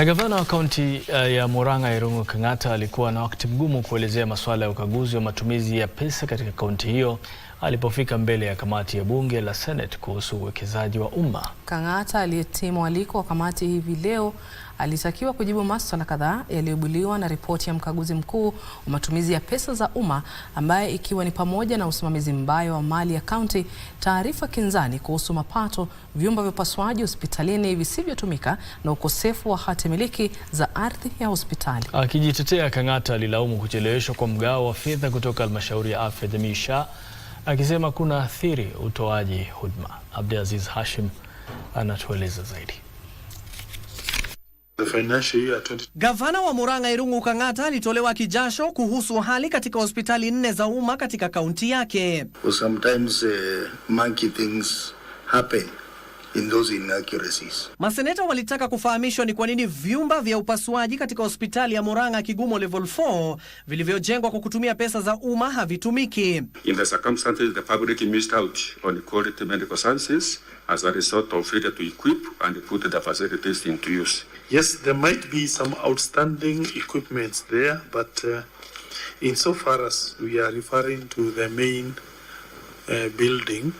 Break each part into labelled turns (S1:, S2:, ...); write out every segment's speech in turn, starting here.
S1: Na gavana wa kaunti eh, ya Murang'a Irungu Kang'ata alikuwa na wakati mgumu kuelezea masuala ya ukaguzi wa matumizi ya pesa katika kaunti hiyo alipofika mbele ya kamati ya bunge la Senate kuhusu uwekezaji wa umma.
S2: Kang'ata aliyetimwa aliko wa kamati hivi leo alitakiwa kujibu maswala kadhaa yaliyobuliwa na ripoti ya mkaguzi mkuu wa matumizi ya pesa za umma ambaye ikiwa ni pamoja na usimamizi mbaya wa mali ya kaunti, taarifa kinzani kuhusu mapato, vyumba vya upasuaji hospitalini visivyotumika na ukosefu wa hati miliki za ardhi ya hospitali.
S1: Akijitetea, Kang'ata alilaumu kucheleweshwa kwa mgao wa fedha kutoka halmashauri ya afya jamii SHA akisema kuna athiri utoaji huduma. Abdulaziz Hashim anatueleza zaidi.
S2: Gavana wa Murang'a Irungu Kang'ata alitolewa kijasho kuhusu hali katika hospitali nne za umma katika kaunti yake.
S3: Sometimes, uh, monkey things happen in those inaccuracies.
S2: Maseneta walitaka kufahamishwa ni kwa nini vyumba vya upasuaji katika hospitali ya Murang'a Kigumo level 4 vilivyojengwa kwa kutumia pesa za umma havitumiki.
S4: In the circumstances the public missed out on quality medical services as a result of failure to equip and put the facilities into use.
S5: Yes, there might be some outstanding equipments there but uh, in so far as we are referring to the main uh, building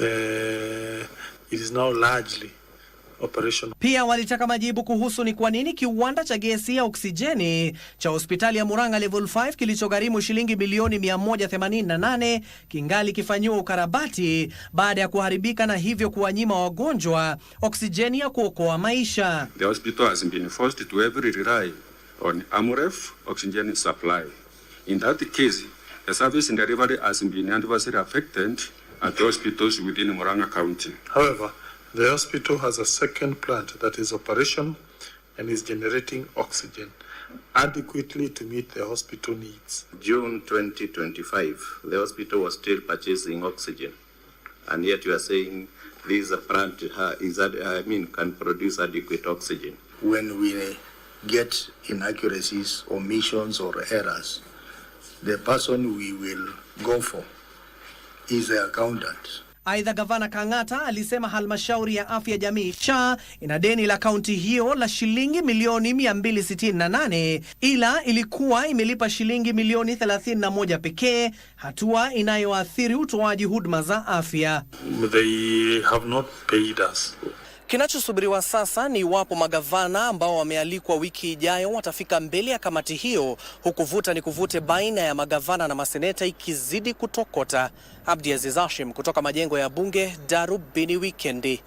S5: uh, It is now largely operational.
S2: Pia walitaka majibu kuhusu ni kwa nini kiwanda cha gesi ya oksijeni cha hospitali ya Murang'a level 5 kilichogharimu shilingi bilioni 188 kingali kifanyiwa ukarabati baada ya kuharibika na hivyo kuwanyima wagonjwa oksijeni ya kuokoa maisha.
S4: The hospital has been forced to heavily rely on AMREF oxygen supply. In that case, the service delivery has been adversely affected at the hospitals within Moranga County.
S5: However, the hospital has a second plant that is operational and is generating oxygen adequately to meet the hospital needs.
S6: June 2025, the hospital was still purchasing oxygen, and yet you are saying this plant uh, is, I mean, can produce adequate oxygen.
S7: When we get inaccuracies, omissions, or errors, the person we will go for is the accountant.
S2: Aidha, Gavana Kang'ata alisema halmashauri ya afya jamii SHA ina deni la kaunti hiyo la shilingi milioni 268 ila ilikuwa imelipa shilingi milioni 31 pekee, hatua inayoathiri utoaji huduma za afya.
S8: They have not paid us.
S2: Kinachosubiriwa sasa ni iwapo magavana ambao wamealikwa wiki ijayo watafika mbele ya kamati hiyo, huku vuta ni kuvute baina ya magavana na maseneta ikizidi kutokota. Abdi Aziz Hashim kutoka majengo ya bunge, Darubini Wikendi.